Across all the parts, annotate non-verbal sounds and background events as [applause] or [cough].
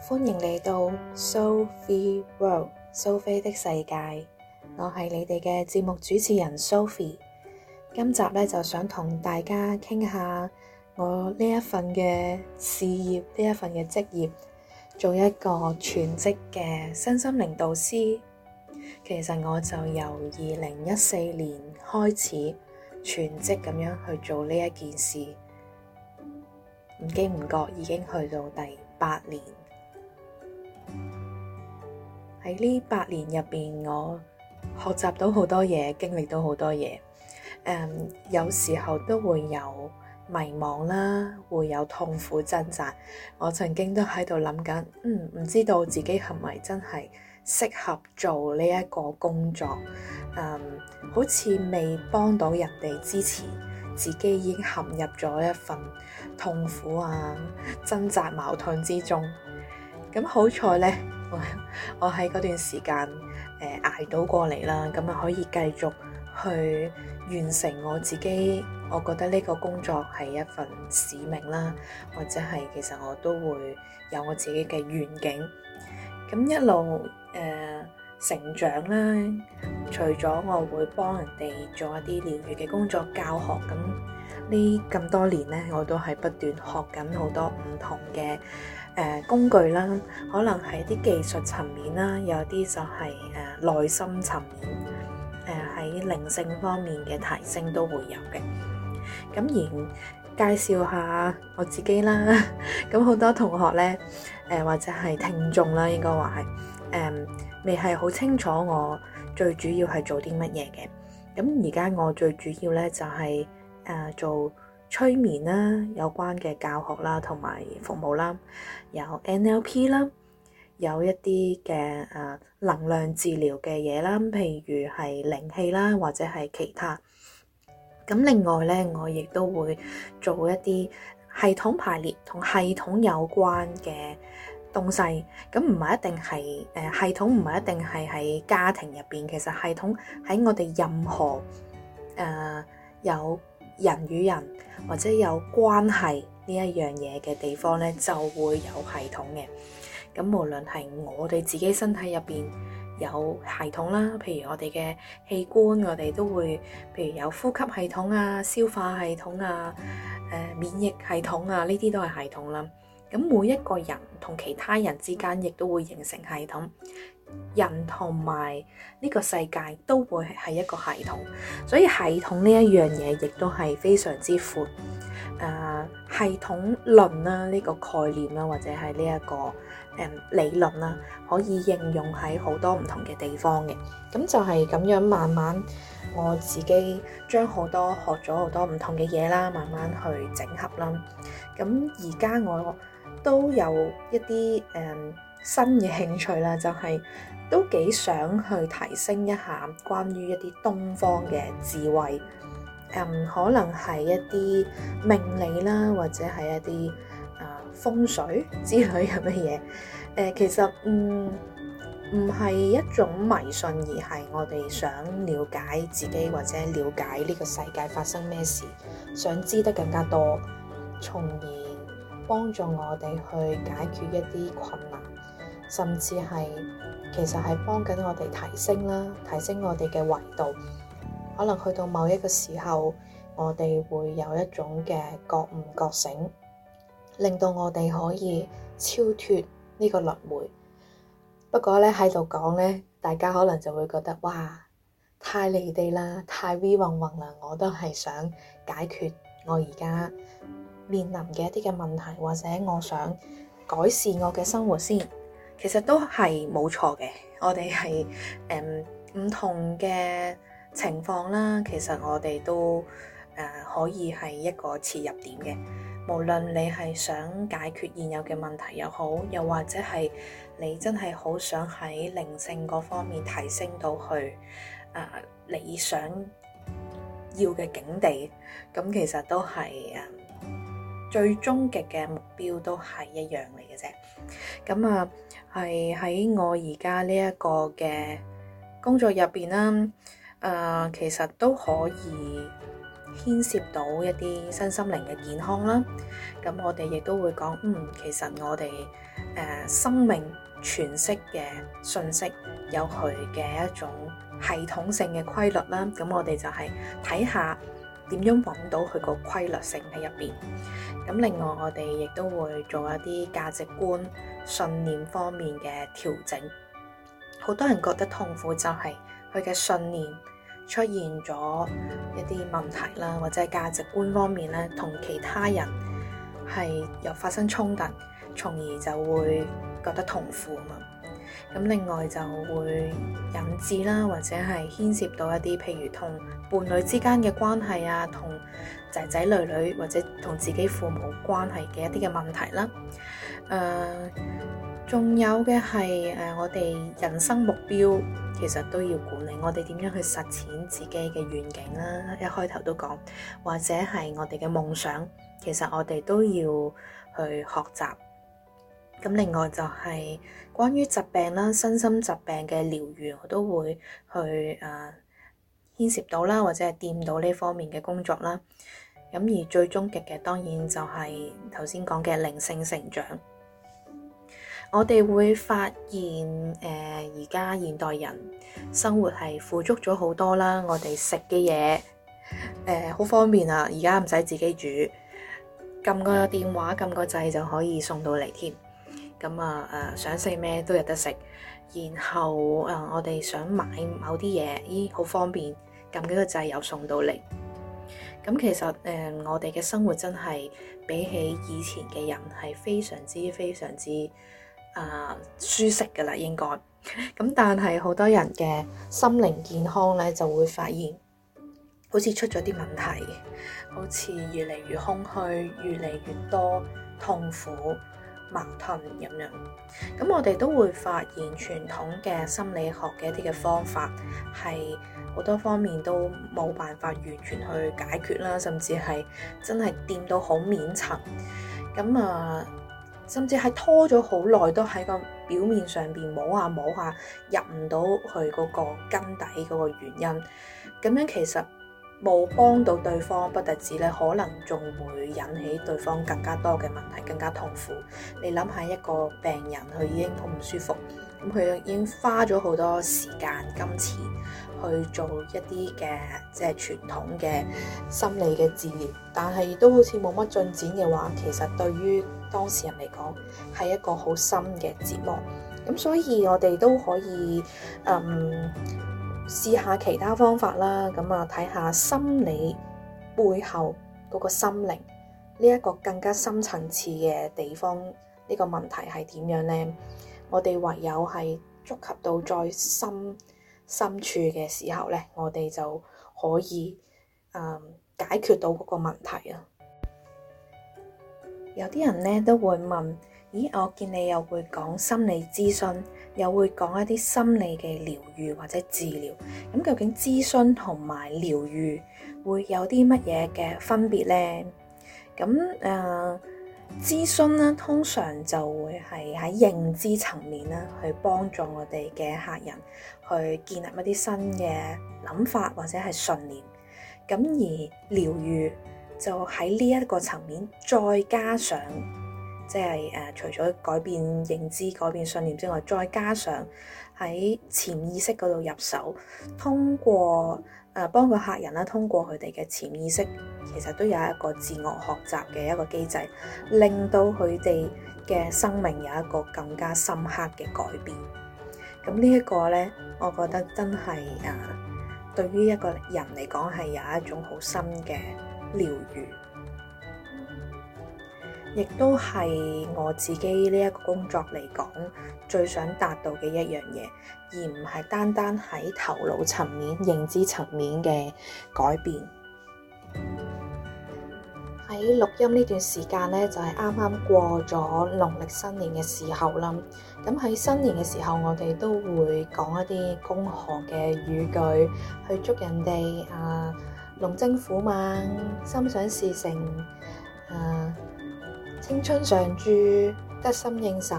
歡迎嚟到 Sophie World，蘇菲的世界。我係你哋嘅節目主持人 Sophie。今集咧就想同大家傾下我呢一份嘅事業，呢一份嘅職業，做一個全職嘅身心靈導師。其實我就由二零一四年開始全職咁樣去做呢一件事，唔經唔覺已經去到第八年。喺呢八年入邊，我學習到好多嘢，經歷到好多嘢。誒、嗯，有時候都會有迷茫啦，會有痛苦掙扎。我曾經都喺度諗緊，嗯，唔知道自己係咪真係適合做呢一個工作？誒、嗯，好似未幫到人哋之前，自己已經陷入咗一份痛苦啊、掙扎、矛盾之中。咁、嗯、好彩咧～我喺嗰段時間誒、呃、捱到過嚟啦，咁啊可以繼續去完成我自己，我覺得呢個工作係一份使命啦，或者係其實我都會有我自己嘅願景。咁一路誒、呃、成長啦，除咗我會幫人哋做一啲療愈嘅工作教學，咁呢咁多年咧，我都係不斷學緊好多唔同嘅。誒、呃、工具啦，可能係啲技術層面啦，有啲就係誒內心層面，誒、呃、喺靈性方面嘅提升都會有嘅。咁而介紹下我自己啦，咁 [laughs] 好多同學咧，誒、呃、或者係聽眾啦，應該話係誒未係好清楚我最主要係做啲乜嘢嘅。咁而家我最主要咧就係、是、誒、呃、做。催眠啦，有關嘅教學啦，同埋服務啦，有 NLP 啦，有一啲嘅誒能量治療嘅嘢啦，譬如係靈氣啦，或者係其他。咁另外咧，我亦都會做一啲系統排列同系統有關嘅東西。咁唔係一定係誒系統，唔係一定係喺家庭入邊。其實系統喺我哋任何誒、呃、有。人與人或者有關係呢一樣嘢嘅地方咧，就會有系統嘅。咁無論係我哋自己身體入邊有系統啦，譬如我哋嘅器官，我哋都會譬如有呼吸系統啊、消化系統啊、呃、免疫系統啊，呢啲都係系統啦。咁每一個人同其他人之間，亦都會形成系統。人同埋呢個世界都會係一個系統，所以系統呢一樣嘢亦都係非常之闊。誒、呃，系統論啦呢、呢個概念啦，或者係呢一個誒、嗯、理論啦，可以應用喺好多唔同嘅地方嘅。咁就係咁樣慢慢，我自己將好多學咗好多唔同嘅嘢啦，慢慢去整合啦。咁而家我都有一啲誒。嗯新嘅興趣啦、就是，就係都幾想去提升一下關於一啲東方嘅智慧，誒、嗯，可能係一啲命理啦，或者係一啲啊、呃、風水之類咁嘅嘢。誒、呃，其實嗯，唔係一種迷信，而係我哋想了解自己或者了解呢個世界發生咩事，想知得更加多，從而幫助我哋去解決一啲困難。甚至係其實係幫緊我哋提升啦，提升我哋嘅維度。可能去到某一個時候，我哋會有一種嘅覺悟覺醒，令到我哋可以超脫呢個輪迴。不過咧，喺度講咧，大家可能就會覺得哇，太離地啦，太 V 混混啦，我都係想解決我而家面臨嘅一啲嘅問題，或者我想改善我嘅生活先。其實都係冇錯嘅，我哋係誒唔同嘅情況啦。其實我哋都誒、呃、可以係一個切入點嘅，無論你係想解決現有嘅問題又好，又或者係你真係好想喺靈性嗰方面提升到去誒你、呃、想要嘅境地，咁、嗯、其實都係誒、嗯、最終極嘅目標都係一樣嚟嘅啫。咁、嗯、啊～、嗯嗯係喺我而家呢一個嘅工作入邊啦，誒、呃、其實都可以牽涉到一啲身心靈嘅健康啦。咁我哋亦都會講，嗯，其實我哋誒、呃、生命全息嘅信息有佢嘅一種系統性嘅規律啦。咁我哋就係睇下，點樣揾到佢個規律性喺入邊？咁另外，我哋亦都會做一啲價值觀、信念方面嘅調整。好多人覺得痛苦，就係佢嘅信念出現咗一啲問題啦，或者係價值觀方面咧，同其他人係又發生衝突，從而就會覺得痛苦嘛。咁另外就會引致啦，或者係牽涉到一啲，譬如同伴侶之間嘅關係啊，同仔仔女女或者同自己父母關係嘅一啲嘅問題啦。誒、呃，仲有嘅係誒，我哋人生目標其實都要管理，我哋點樣去實踐自己嘅願景啦。一開頭都講，或者係我哋嘅夢想，其實我哋都要去學習。咁另外就係關於疾病啦，身心疾病嘅療愈，我都會去誒、呃、牽涉到啦，或者係掂到呢方面嘅工作啦。咁而最終極嘅當然就係頭先講嘅靈性成長。我哋會發現誒，而家現代人生活係富足咗好多啦，我哋食嘅嘢誒，好方便啊，而家唔使自己煮，撳個電話撳個掣就可以送到嚟添。咁啊，誒、呃、想食咩都有得食，然後誒、呃、我哋想買某啲嘢，咦好方便，撳幾個掣又送到嚟。咁、嗯、其實誒、呃、我哋嘅生活真係比起以前嘅人係非常之非常之啊舒適噶啦，應該。咁、嗯、但係好多人嘅心靈健康咧就會發現，好似出咗啲問題，好似越嚟越空虛，越嚟越多痛苦。矛盾咁樣，咁我哋都會發現傳統嘅心理學嘅一啲嘅方法係好多方面都冇辦法完全去解決啦，甚至係真係掂到好面層，咁啊，甚至係拖咗好耐都喺個表面上邊摸下摸下入唔到佢嗰個根底嗰個原因，咁樣其實。冇幫到對方，不得止咧，可能仲會引起對方更加多嘅問題，更加痛苦。你諗下一個病人佢已經好唔舒服，咁佢已經花咗好多時間、金錢去做一啲嘅即係傳統嘅心理嘅治療，但係都好似冇乜進展嘅話，其實對於當事人嚟講係一個好深嘅折磨。咁所以我哋都可以嗯。試下其他方法啦，咁啊睇下心理背後嗰個心靈呢一個更加深層次嘅地方，呢個問題係點樣呢？我哋唯有係觸及到再深深處嘅時候呢，我哋就可以、嗯、解決到嗰個問題啊！有啲人呢都會問。咦，我見你又會講心理諮詢，又會講一啲心理嘅療癒或者治療。咁究竟諮詢同埋療癒會有啲乜嘢嘅分別呢？咁誒、呃，諮詢咧通常就會係喺認知層面咧，去幫助我哋嘅客人去建立一啲新嘅諗法或者係信念。咁而療癒就喺呢一個層面，再加上。即係誒、呃，除咗改變認知、改變信念之外，再加上喺潛意識嗰度入手，通過誒幫個客人啦，通過佢哋嘅潛意識，其實都有一個自我學習嘅一個機制，令到佢哋嘅生命有一個更加深刻嘅改變。咁呢一個咧，我覺得真係誒、啊，對於一個人嚟講係有一種好深嘅療愈。亦都係我自己呢一個工作嚟講最想達到嘅一樣嘢，而唔係單單喺頭腦層面、認知層面嘅改變。喺錄音呢 [noise] 段時間呢，就係啱啱過咗農曆新年嘅時候啦。咁喺新年嘅時候，我哋都會講一啲恭賀嘅語句，去祝人哋啊、呃，龍精虎猛，心想事成，誒、呃。青春常駐，得心應手，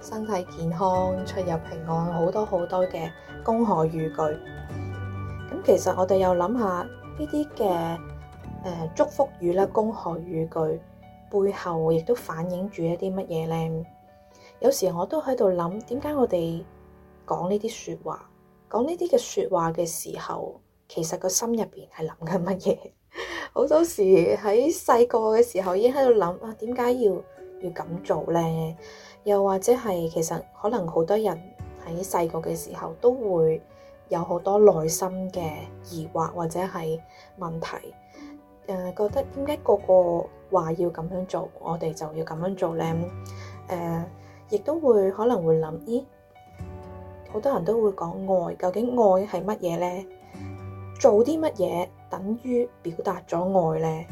身體健康，出入平安，好多好多嘅恭賀語句。咁其實我哋又諗下呢啲嘅祝福語啦，恭賀語句背後亦都反映住一啲乜嘢呢？有時我都喺度諗，點解我哋講呢啲說話，講呢啲嘅說話嘅時候，其實個心入邊係諗緊乜嘢？好多時喺細個嘅時候已經喺度諗啊，點解要要咁做咧？又或者係其實可能好多人喺細個嘅時候都會有好多內心嘅疑惑或者係問題，誒、呃、覺得點解個個話要咁樣做，我哋就要咁樣做咧。誒、呃，亦都會可能會諗，咦、欸，好多人都會講愛，究竟愛係乜嘢咧？做啲乜嘢等於表達咗愛呢？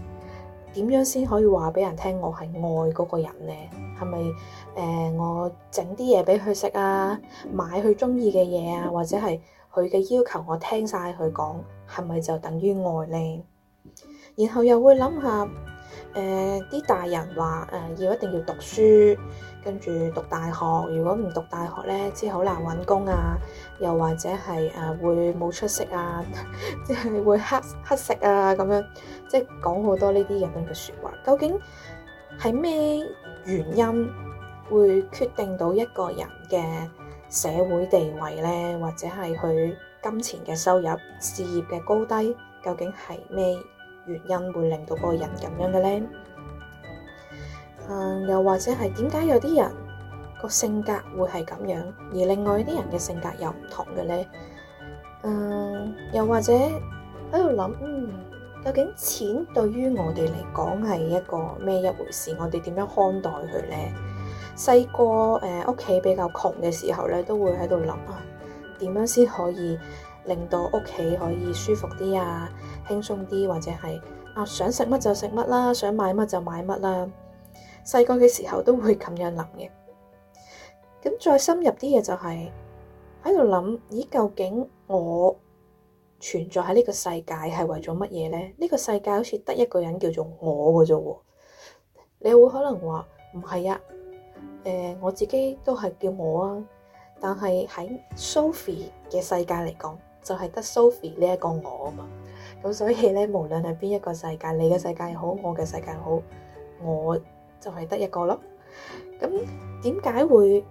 點樣先可以話俾人聽我係愛嗰個人呢？係咪誒我整啲嘢俾佢食啊？買佢中意嘅嘢啊？或者係佢嘅要求我聽晒佢講，係咪就等於愛呢？然後又會諗下。誒啲、呃、大人話誒要一定要讀書，跟住讀大學。如果唔讀大學咧，即好難揾工啊，又或者係誒、呃、會冇出息啊，即 [laughs] 係會黑黑食啊咁樣，即係講好多呢啲咁樣嘅説話。究竟係咩原因會決定到一個人嘅社會地位咧，或者係佢金錢嘅收入、事業嘅高低？究竟係咩，原因會令到嗰個人咁樣嘅咧，嗯、呃，又或者係點解有啲人個性格會係咁樣，而另外啲人嘅性格又唔同嘅咧，嗯、呃，又或者喺度諗，嗯，究竟錢對於我哋嚟講係一個咩一回事，我哋點樣看待佢咧？細個誒屋企比較窮嘅時候咧，都會喺度諗啊，點樣先可以令到屋企可以舒服啲啊？輕鬆啲，或者係啊，想食乜就食乜啦，想買乜就買乜啦。細個嘅時候都會咁樣諗嘅。咁再深入啲嘢就係喺度諗，咦？究竟我存在喺呢個世界係為咗乜嘢呢？呢、呢個世界好似得一個人叫做我㗎啫喎。你會可能話唔係啊？誒、呃，我自己都係叫我啊，但係喺 Sophie 嘅世界嚟講，就係、係、得 Sophie 呢一個我嘛。咁所以咧，無論係邊一個世界，你嘅世界好，我嘅世界好，我就係得一個咯。咁點解會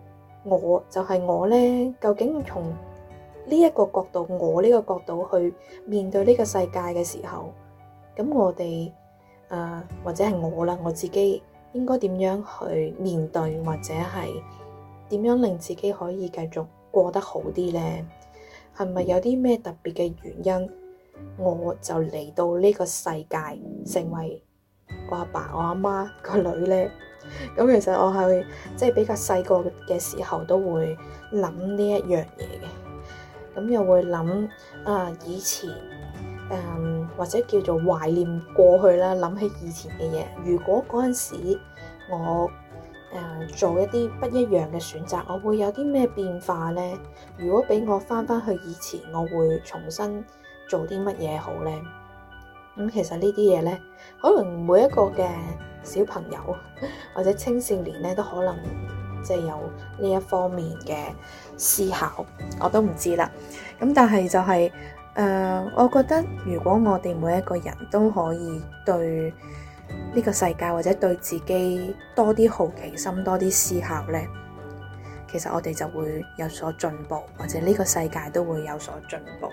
我就係我咧？究竟從呢一個角度，我呢個角度去面對呢個世界嘅時候，咁我哋誒、呃、或者係我啦，我自己應該點樣去面對，或者係點樣令自己可以繼續過得好啲咧？係咪有啲咩特別嘅原因？我就嚟到呢個世界，成為我阿爸，爸我阿媽個女咧。咁其實我係即係比較細個嘅時候都會諗呢一樣嘢嘅，咁又會諗啊、呃、以前，誒、呃、或者叫做懷念過去啦，諗起以前嘅嘢。如果嗰陣時我誒、呃、做一啲不一樣嘅選擇，我會有啲咩變化咧？如果俾我返返去以前，我會重新。做啲乜嘢好咧？咁、嗯、其實呢啲嘢咧，可能每一個嘅小朋友或者青少年咧，都可能即係有呢一方面嘅思考，我都唔知啦。咁但係就係、是、誒、呃，我覺得如果我哋每一個人都可以對呢個世界或者對自己多啲好奇心、多啲思考咧，其實我哋就會有所進步，或者呢個世界都會有所進步。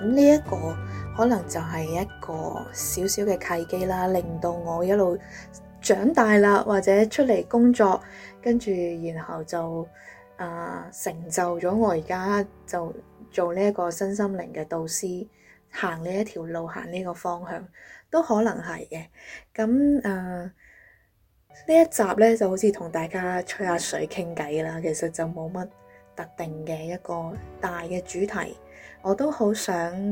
咁呢一個可能就係一個小小嘅契機啦，令到我一路長大啦，或者出嚟工作，跟住然後就、呃、成就咗我而家就做呢一個身心靈嘅導師，行呢一條路，行呢個方向，都可能係嘅。咁啊呢一集呢，就好似同大家吹下水傾偈啦，其實就冇乜特定嘅一個大嘅主題。我都好想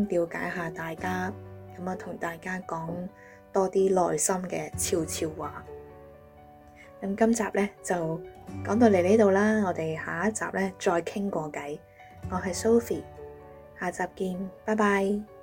了解下大家，咁啊同大家講多啲內心嘅悄悄話。咁、嗯、今集咧就講到嚟呢度啦，我哋下一集咧再傾過偈。我係 Sophie，下集見，拜拜。